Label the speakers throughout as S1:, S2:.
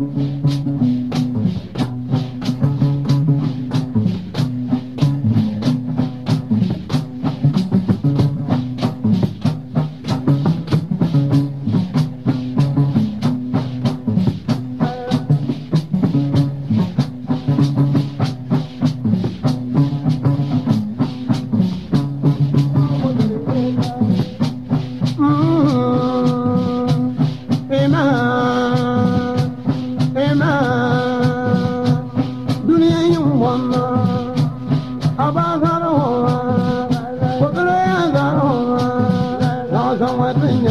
S1: Mm-hmm. Well,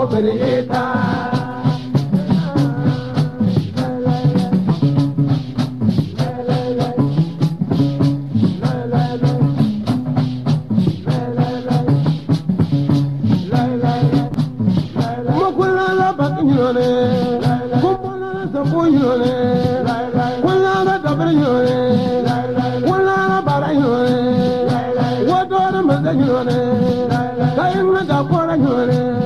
S1: opereta. Kayın da kora yore